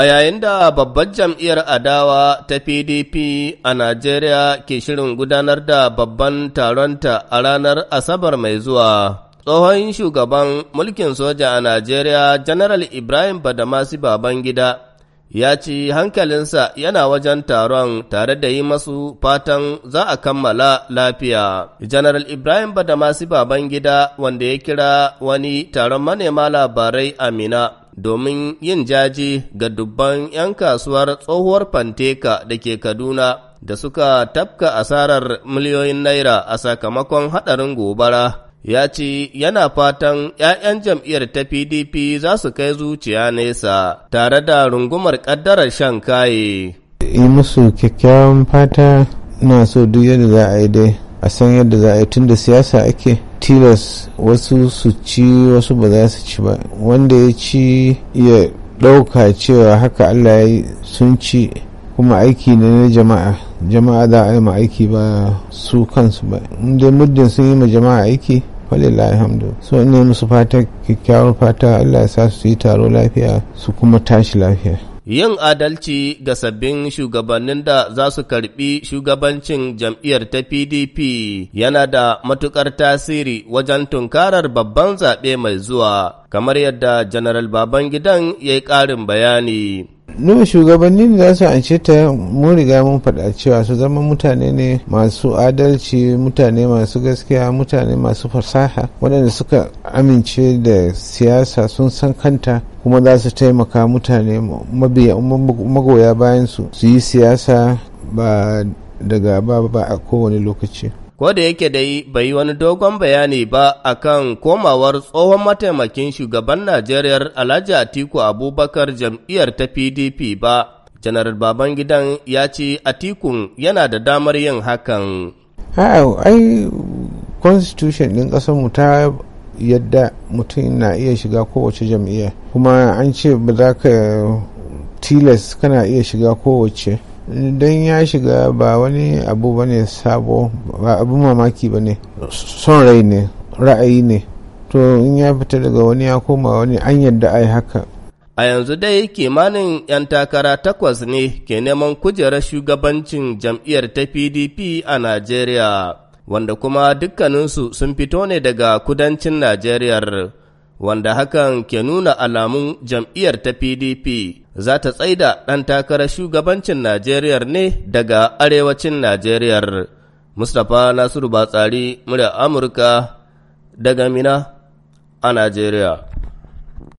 A yayin da babbar jam'iyyar adawa ta PDP a Najeriya ke shirin gudanar da babban taronta a ranar Asabar mai zuwa, tsohon shugaban mulkin soja a Najeriya, General Ibrahim Badamasi Babangida, ya ci hankalinsa yana wajen taron tare da yi masu fatan za a kammala lafiya. General Ibrahim Badamasi Babangida, wanda ya kira wani taron manema labarai Amina. domin yin jaji ga dubban 'yan kasuwar tsohuwar Fanteka da ke Kaduna da suka tafka asarar miliyoyin naira a sakamakon haɗarin gobara. ya ce yana fatan 'ya'yan jam'iyyar ta PDP za su kai zuciya nesa tare da rungumar ƙaddarar shan kaye. Yi musu kyakkyawan fata na so duk yadda za a yi dai, a san yadda za a yi tun da siyasa ake. tilas wasu su ci wasu ba za su ci ba wanda ya ci ya ɗauka cewa haka allah ya sun ci kuma aiki ne na jama'a jama'a za a yi ma aiki ba su kansu ba inda muddin sun yi ma jama'a aiki ya hamdu so ne musu fata kyakkyawar fata allah ya sa su yi taro lafiya su kuma tashi lafiya Yin adalci ga sabbin shugabannin da za su karbi shugabancin jam'iyyar ta PDP yana da matuƙar tasiri wajen tunkarar babban zaɓe mai zuwa, kamar yadda General Babangidan ya yi ƙarin bayani. No shugabanni da su ance ta mu riga mun faɗa cewa su zama mutane ne masu adalci mutane masu gaskiya mutane masu fasaha waɗanda suka amince da siyasa sun san kanta kuma za su taimaka mutane magoya bayan su su yi siyasa ba daga ba ba a kowane lokaci ko da yake dai bai yi wani dogon bayani ba akan komawar tsohon mataimakin shugaban najeriya alhaji atiku abubakar jam'iyyar ta pdp ba janar babangidan ya ce atikun yana da damar yin hakan ai constitution ɗin mu ta yadda mutum na iya shiga kowace jam'iyyar kuma an ce ba za ka tilas kana iya shiga kowace don ya shiga ba wani abu ba ne sabo ba abu mamaki ba ne son rai ne ra'ayi ne to in ya fita daga wani ya koma wani an yadda ai haka a yanzu dai kimanin 'yan takara takwas ne ke neman kujerar shugabancin jam'iyyar ta pdp a najeriya wanda kuma dukkaninsu sun fito ne daga kudancin najeriyar wanda hakan ke nuna alamun jam'iyyar ta PDP za ta tsaida ɗan takarar shugabancin Najeriya ne daga arewacin Najeriya. Mustapha Nasiru Batsari, murya Amurka daga Mina a Najeriya.